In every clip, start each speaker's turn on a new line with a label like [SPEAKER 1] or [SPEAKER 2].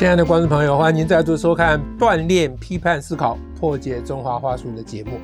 [SPEAKER 1] 親愛的觀眾朋友，歡迎您再度收看《鍛鍊批判思考破解中華話術》的節目。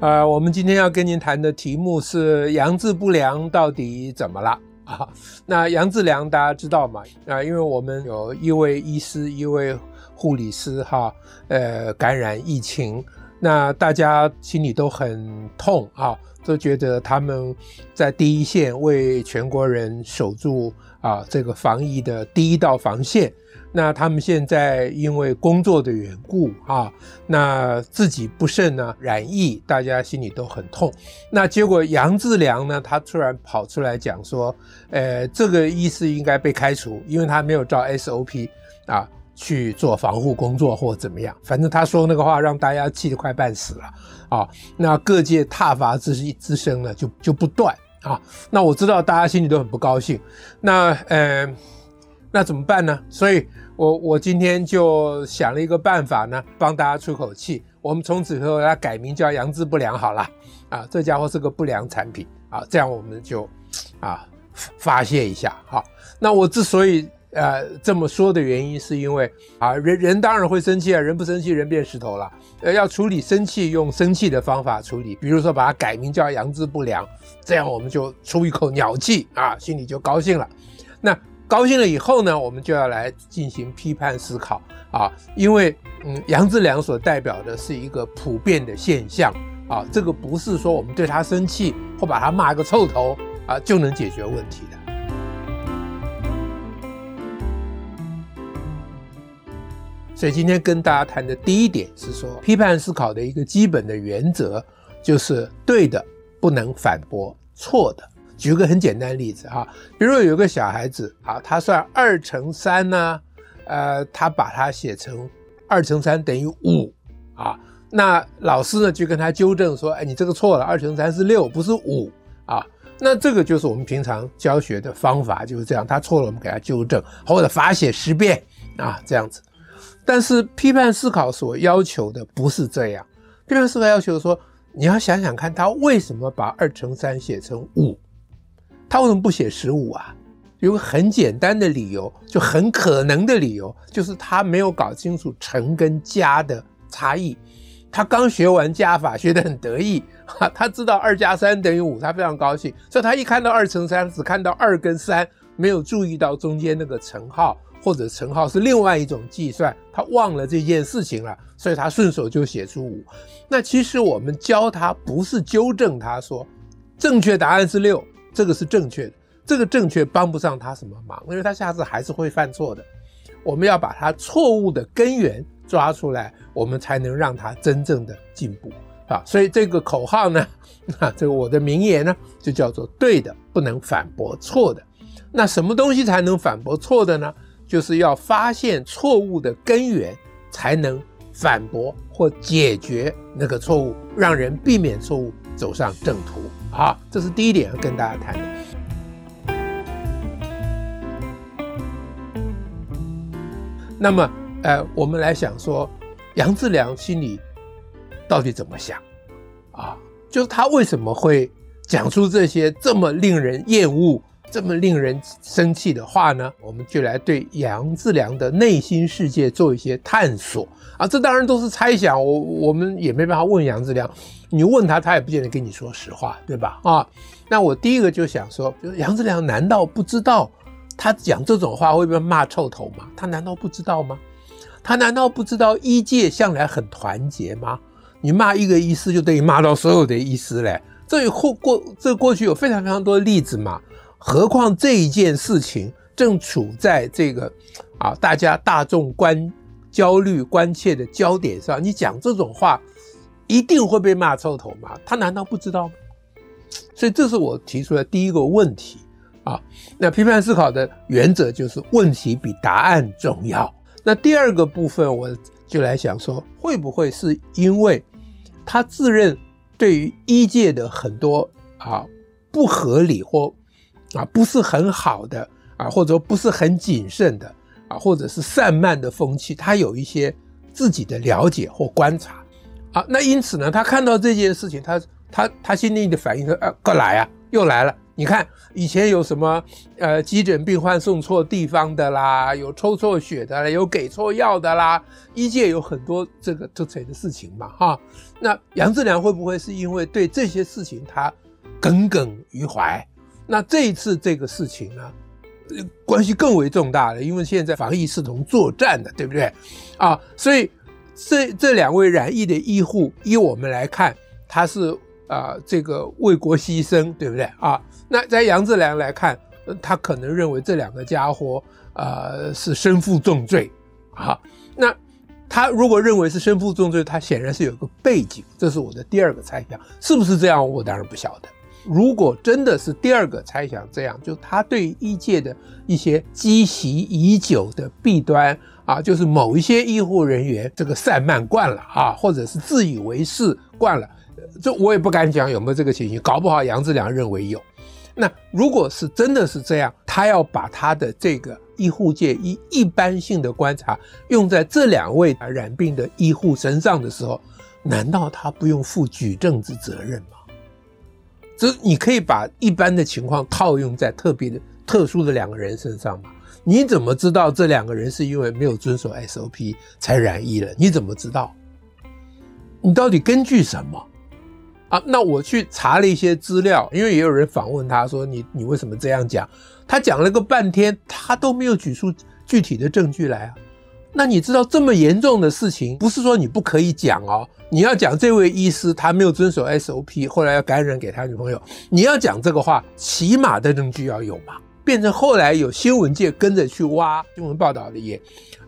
[SPEAKER 1] 呃，我們今天要跟您談的題目是“楊志不良到底怎麼了”啊？那楊志良大家知道嗎？啊，因為我們有一位醫師、一位護理師，哈、啊，呃，感染疫情。那大家心裡都很痛啊，都覺得他們在第一線為全國人守住啊，這個防疫的第一道防線。那他們現在因為工作的緣故啊，那自己不慎呢染疫，大家心裡都很痛。那結果楊志良呢，他突然跑出來講說，呃，這個醫師應該被開除，因為他沒有照 SOP 啊。去做防護工作或怎麼樣，反正他說那個話讓大家氣得快半死了啊、哦！那各界撻伐之之聲呢，就就不斷啊、哦！那我知道大家心裡都很不高興，那呃，那怎麼辦呢？所以我，我我今天就想了一個辦法呢，幫大家出口氣。我們從此以後，要改名叫“楊志不良”好了啊！這家伙是個不良產品啊！這樣我們就，啊，發洩一下好、哦，那我之所以。呃，這麼說的原因是因為啊，人人當然會生氣啊，人不生氣人變石頭了。呃，要處理生氣，用生氣的方法處理，比如說把它改名叫“楊志不良”，這樣我們就出一口鳥氣啊，心裡就高興了。那高興了以後呢，我們就要來進行批判思考啊，因為嗯，楊志良所代表的是一個普遍的現象啊，這個不是說我們對他生氣或把他罵個臭頭啊就能解決問題的。所以今天跟大家談的第一點是說，批判思考的一個基本的原則，就是對的不能反駁錯的。舉個很簡單的例子啊，比如有一個小孩子啊，他算二乘三呢，呃，他把它寫成二乘三等於五啊，那老師呢就跟他糾正說，哎，你這個錯了，二乘三是六，不是五啊。那這個就是我們平常教學的方法就是這樣，他錯了我們給他糾正，或者罰寫十遍啊，這樣子。但是批判思考所要求的不是這樣，批判思考要求說，你要想想看，他為什麼把二乘三寫成五？他為什麼不寫十五啊？有個很簡單的理由，就很可能的理由，就是他沒有搞清楚乘跟加的差異。他剛學完加法，學得很得意哈，他知道二加三等於五，他非常高興。所以他一看到二乘三，只看到二跟三，沒有注意到中間那個乘號。或者乘號是另外一種計算，他忘了這件事情了，所以他順手就寫出五。那其實我們教他不是糾正他說，正確答案是六，這個是正確的，這個正確幫不上他什麼忙，因為他下次還是會犯錯的。我們要把他錯誤的根源抓出來，我們才能讓他真正的進步啊！所以這個口號呢，啊、這個、我的名言呢，就叫做對的不能反駁錯的。那什麼東西才能反駁錯的呢？就是要發現錯誤的根源，才能反駁或解決那個錯誤，讓人避免錯誤，走上正途。好，這是第一點要跟大家談的。那麼，呃，我們來想說，楊志良心裡到底怎麼想啊？就是他為什麼會講出這些這麼令人厭惡？這麼令人生氣的話呢，我們就來對楊志良的內心世界做一些探索啊！這當然都是猜想，我我們也沒辦法問楊志良，你問他，他也不見得跟你說實話，對吧？啊，那我第一個就想說，楊志良難道不知道他講這種話會被罵臭頭嗎？他難道不知道嗎？他難道不知道醫界向來很團結嗎？你罵一個醫師，就等於罵到所有的醫師嘞，這以後過這過去有非常非常多的例子嘛。何況這一件事情正處在這個，啊，大家大眾關焦慮關切的焦點上。你講這種話，一定會被罵臭頭嗎？他難道不知道嗎？所以這是我提出來的第一個問題啊。那批判思考的原則就是問題比答案重要。那第二個部分，我就來想說，會不會是因為他自認對於醫界的很多啊不合理或。啊，不是很好的啊，或者不是很謹慎的啊，或者是散漫的風氣，他有一些自己的了解或觀察，啊，那因此呢，他看到這件事情，他他他心裡的反應是啊，過來啊，又來了。你看以前有什麼呃，急診病患送錯地方的啦，有抽錯血的啦，有給錯藥的啦，醫界有很多這個這這的事情嘛，哈、啊。那楊志良會不會是因為對這些事情他耿耿於懷？那這一次這個事情呢，關係更為重大了，因為現在防疫視同作戰的，對不對？啊，所以這這兩位染疫的醫護，依我們來看，他是啊、呃、這個為國犧牲，對不對？啊，那在楊志良來看，他可能認為這兩個家伙啊、呃、是身負重罪啊。那他如果認為是身負重罪，他顯然是有個背景，這是我的第二個猜想，是不是這樣？我當然不曉得。如果真的是第二個猜想這樣，就他對醫界的一些積習已久的弊端啊，就是某一些醫護人員這個散漫慣了啊，或者是自以為是慣了，這我也不敢講有沒有這個情形。搞不好楊志良認為有。那如果是真的是這樣，他要把他的這個醫護界一一般性的觀察用在這兩位啊染病的醫護身上的時候，難道他不用負舉證之責任嗎？這你可以把一般的情況套用在特別的、特殊的兩個人身上嘛，你怎麼知道這兩個人是因為沒有遵守 SOP 才染疫了？你怎麼知道？你到底根據什麼？啊，那我去查了一些資料，因為也有人訪問他說，你你為什麼這樣講？他講了個半天，他都沒有舉出具體的證據來啊。那你知道這麼嚴重的事情，不是說你不可以講哦？你要講這位醫師他沒有遵守 SOP，後來要感染給他女朋友，你要講這個話，起碼的證據要有嘛？變成後來有新聞界跟着去挖，新聞報道的也，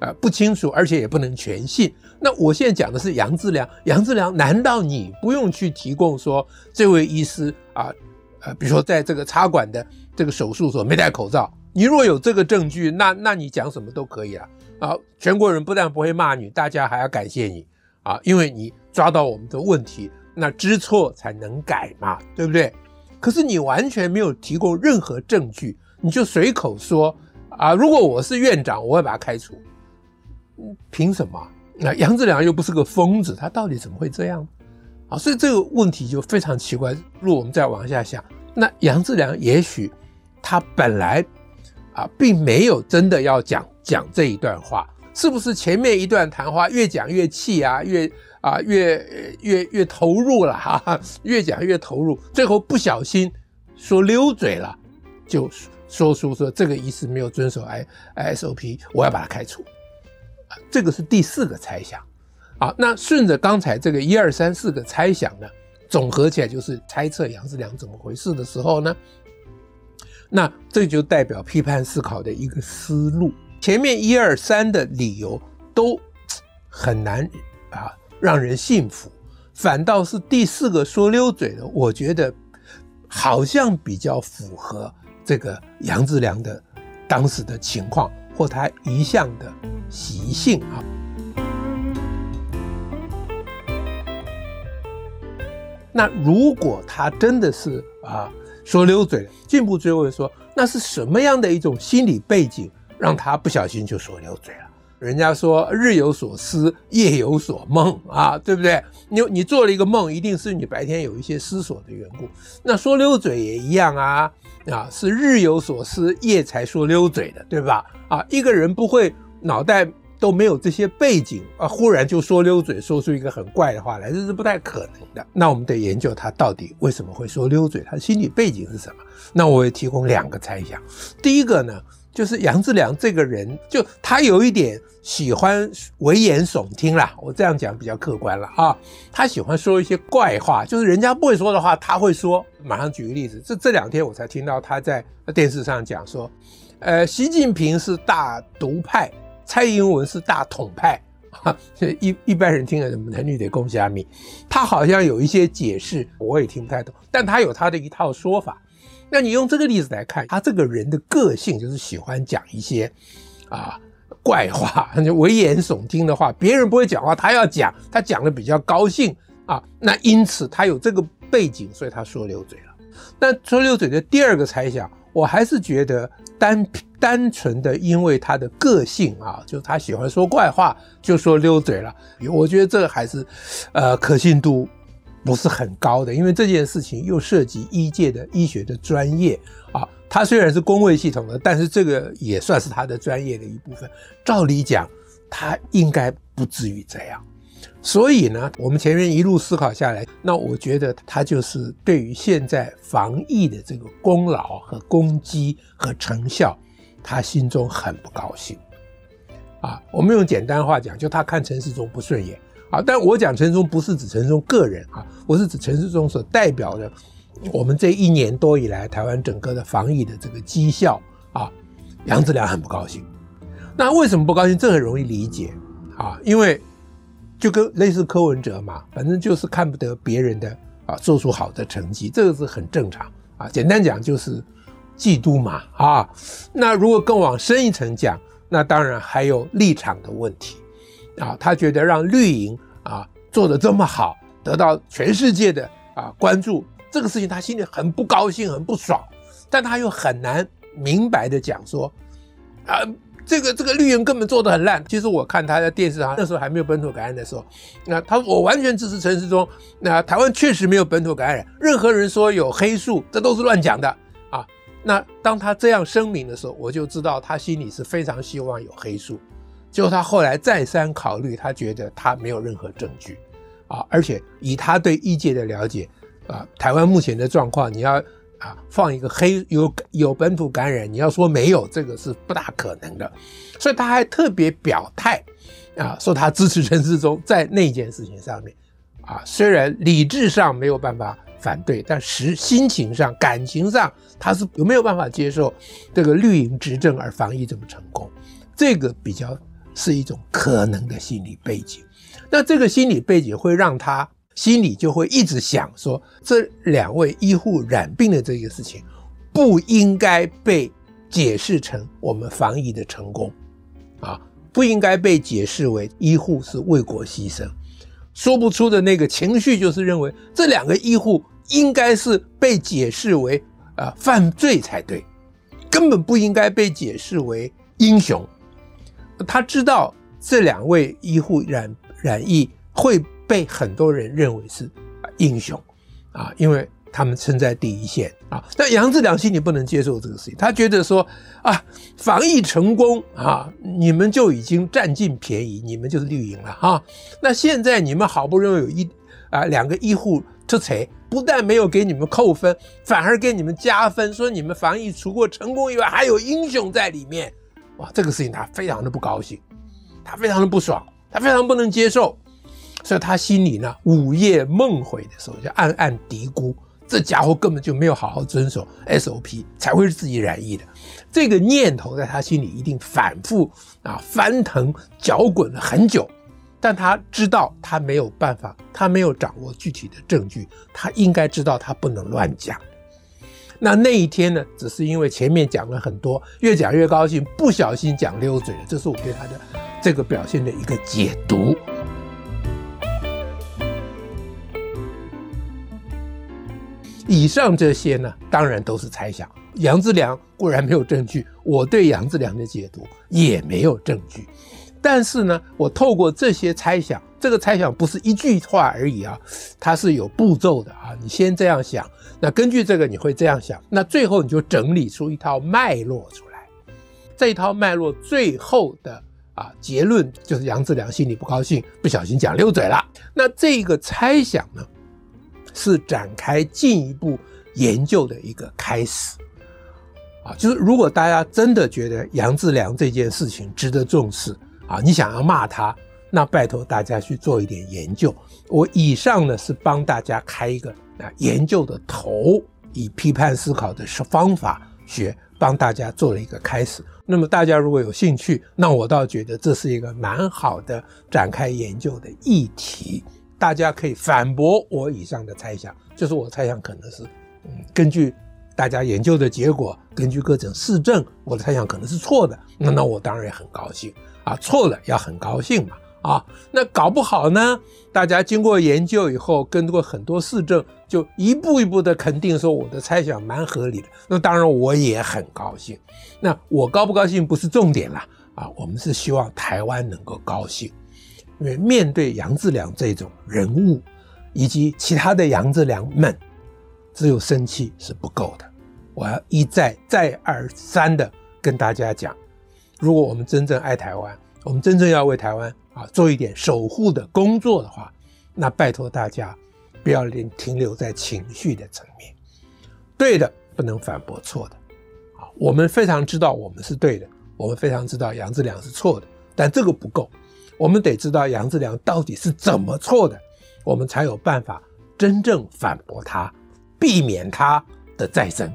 [SPEAKER 1] 呃不清楚，而且也不能全信。那我現在講的是楊志良，楊志良，難道你不用去提供說這位醫師啊，呃，比如說在這個插管的這個手術所沒戴口罩？你若有這個證據，那那你講什麼都可以了。啊！全國人不但不會罵你，大家還要感謝你啊！因為你抓到我們的問題，那知錯才能改嘛，對不對？可是你完全沒有提供任何證據，你就隨口說啊！如果我是院長，我會把他開除。嗯，憑什麼？那、啊、楊志良又不是個瘋子，他到底怎麼會這樣？啊！所以這個問題就非常奇怪。若我們再往下想，那楊志良也許他本來。啊，並沒有真的要講講這一段話，是不是前面一段談話越講越氣啊，越啊越越越投入了哈、啊，越講越投入，最後不小心說溜嘴了，就說說說這個醫生沒有遵守哎 SOP，我要把他開除，啊，這個是第四個猜想。啊，那順着剛才這個一二三四個猜想呢，總合起來就是猜測楊志良怎麼回事的時候呢？那這就代表批判思考的一個思路。前面一二三的理由都很難啊讓人信服，反倒是第四個說溜嘴的，我覺得好像比較符合這個楊志良的當時的情況，或他一向的習性啊。那如果他真的是啊？說溜嘴了，進一步追問說，那是什麼樣的一種心理背景，讓他不小心就說溜嘴了？人家說日有所思，夜有所夢啊，對不對？你你做了一個夢，一定是你白天有一些思索的緣故。那說溜嘴也一樣啊啊，是日有所思，夜才說溜嘴的，對吧？啊，一個人不會腦袋都沒有這些背景啊，忽然就說溜嘴，說出一個很怪的話來，這是不太可能的。那我們得研究他到底為什麼會說溜嘴，他的心理背景是什麼？那我也提供兩個猜想。第一個呢，就是楊志良這個人，就他有一點喜歡危言聳聽啦。我這樣講比較客觀了啊，他喜歡說一些怪話，就是人家不會說的話，他會說。馬上舉個例子，這這兩天我才聽到他在電視上講說，呃，習近平是大獨派。蔡英文是大統派，啊，所以一一般人聽了男女得共蝦米，他好像有一些解釋，我也聽不太懂，但他有他的一套說法。那你用這個例子來看，他這個人的個性就是喜歡講一些啊怪話，就危言聳聽的話，別人不會講話，他要講，他講的比較高興啊。那因此他有這個背景，所以他說溜嘴了。那說溜嘴的第二個猜想。我還是覺得單單純的因為他的個性啊，就他喜歡說怪話，就說溜嘴了。我覺得這個還是，呃，可信度不是很高的。因為這件事情又涉及醫界的醫學的專業啊，他雖然是公衛系統的，但是這個也算是他的專業的一部分。照理講，他應該不至於這樣。所以呢，我們前面一路思考下來，那我覺得他就是對於現在防疫的這個功勞和功績和成效，他心中很不高興，啊，我們用簡單話講，就他看陳時中不順眼啊。但我講陳時中不是指陳時中個人啊，我是指陳時中所代表的，我們這一年多以來，台灣整個的防疫的這個績效啊，楊志良很不高興。那為什麼不高興？這很容易理解啊，因為。就跟類似柯文哲嘛，反正就是看不得別人的啊，做出好的成績，這個是很正常啊。簡單講就是嫉妒嘛啊。那如果更往深一層講，那當然還有立場的問題啊。他覺得讓綠營啊做得這麼好，得到全世界的啊關注，這個事情他心裡很不高興、很不爽，但他又很難明白的講說啊。這個這個綠營根本做得很爛。其實我看他在電視上那時候還沒有本土感染的時候，那他我完全支持陳時中。那台灣確實沒有本土感染，任何人說有黑數，這都是亂講的啊。那當他這樣聲明的時候，我就知道他心裡是非常希望有黑數。結果他後來再三考慮，他覺得他沒有任何證據啊，而且以他對醫界的了解，啊，台灣目前的狀況，你要。啊，放一個黑有有本土感染，你要說沒有，這個是不大可能的。所以他還特別表態，啊，說他支持陳時中在那件事情上面，啊，雖然理智上沒有辦法反對，但是心情上、感情上，他是有沒有辦法接受這個綠營執政而防疫這麼成功，這個比較是一種可能的心理背景。那這個心理背景會讓他。心裡就會一直想說，這兩位醫護染病的這個事情，不應該被解釋成我們防疫的成功，啊，不應該被解釋為醫護是為國犧牲。說不出的那個情緒就是認為，這兩個醫護應該是被解釋為啊犯罪才對，根本不應該被解釋為英雄。他知道這兩位醫護染染疫會。被很多人認為是英雄，啊，因為他們身在第一線啊。但楊志良心裡不能接受這個事情，他覺得說啊，防疫成功啊，你們就已經占盡便宜，你們就是綠營了哈，啊。那現在你們好不容易有一啊兩個醫護出彩，不但沒有給你們扣分，反而給你們加分，說你們防疫除過成功以外，還有英雄在裡面。哇，這個事情他非常的不高興，他非常的不爽，他非常不能接受。所以他心裡呢，午夜夢回的時候，就暗暗嘀咕：“這家伙根本就沒有好好遵守 SOP，才會是自己染疫的。”這個念頭在他心裡一定反覆啊翻騰攪滾了很久。但他知道他沒有辦法，他沒有掌握具體的證據，他應該知道他不能亂講。那那一天呢，只是因為前面講了很多，越講越高興，不小心講溜嘴了。這是我對他的這個表現的一個解讀。以上這些呢，當然都是猜想。楊志良固然沒有證據，我對楊志良的解讀也沒有證據。但是呢，我透過這些猜想，這個猜想不是一句話而已啊，它是有步驟的啊。你先這樣想，那根據這個你會這樣想，那最後你就整理出一套脈絡出來。這一套脈絡最後的啊結論就是楊志良心裡不高興，不小心講溜嘴了。那這個猜想呢，是展開進一步研究的一個開始，啊，就是如果大家真的覺得楊志良這件事情值得重視啊，你想要罵他，那拜托大家去做一點研究。我以上呢是幫大家開一個啊研究的頭，以批判思考的方法學幫大家做了一個開始。那麼大家如果有興趣，那我倒覺得這是一個蠻好的展開研究的議題。大家可以反駁我以上的猜想，就是我猜想可能是，嗯，根據大家研究的結果，根據各種實證，我的猜想可能是錯的。那那我當然也很高興啊，錯了要很高興嘛啊。那搞不好呢，大家經過研究以後，跟過很多實證，就一步一步的肯定說我的猜想蠻合理的。那當然我也很高興。那我高不高興不是重點啦啊，我們是希望台灣能夠高興。因為面對楊志良這種人物，以及其他的楊志良們，只有生氣是不夠的。我要一再再而三的跟大家講，如果我們真正愛台灣，我們真正要為台灣啊做一點守護的工作的話，那拜托大家，不要停停留在情緒的層面。對的，不能反駁錯的，啊，我們非常知道我們是對的，我們非常知道楊志良是錯的，但這個不夠。我們得知道楊志良到底是怎麼錯的，我們才有辦法真正反駁他，避免他的再生。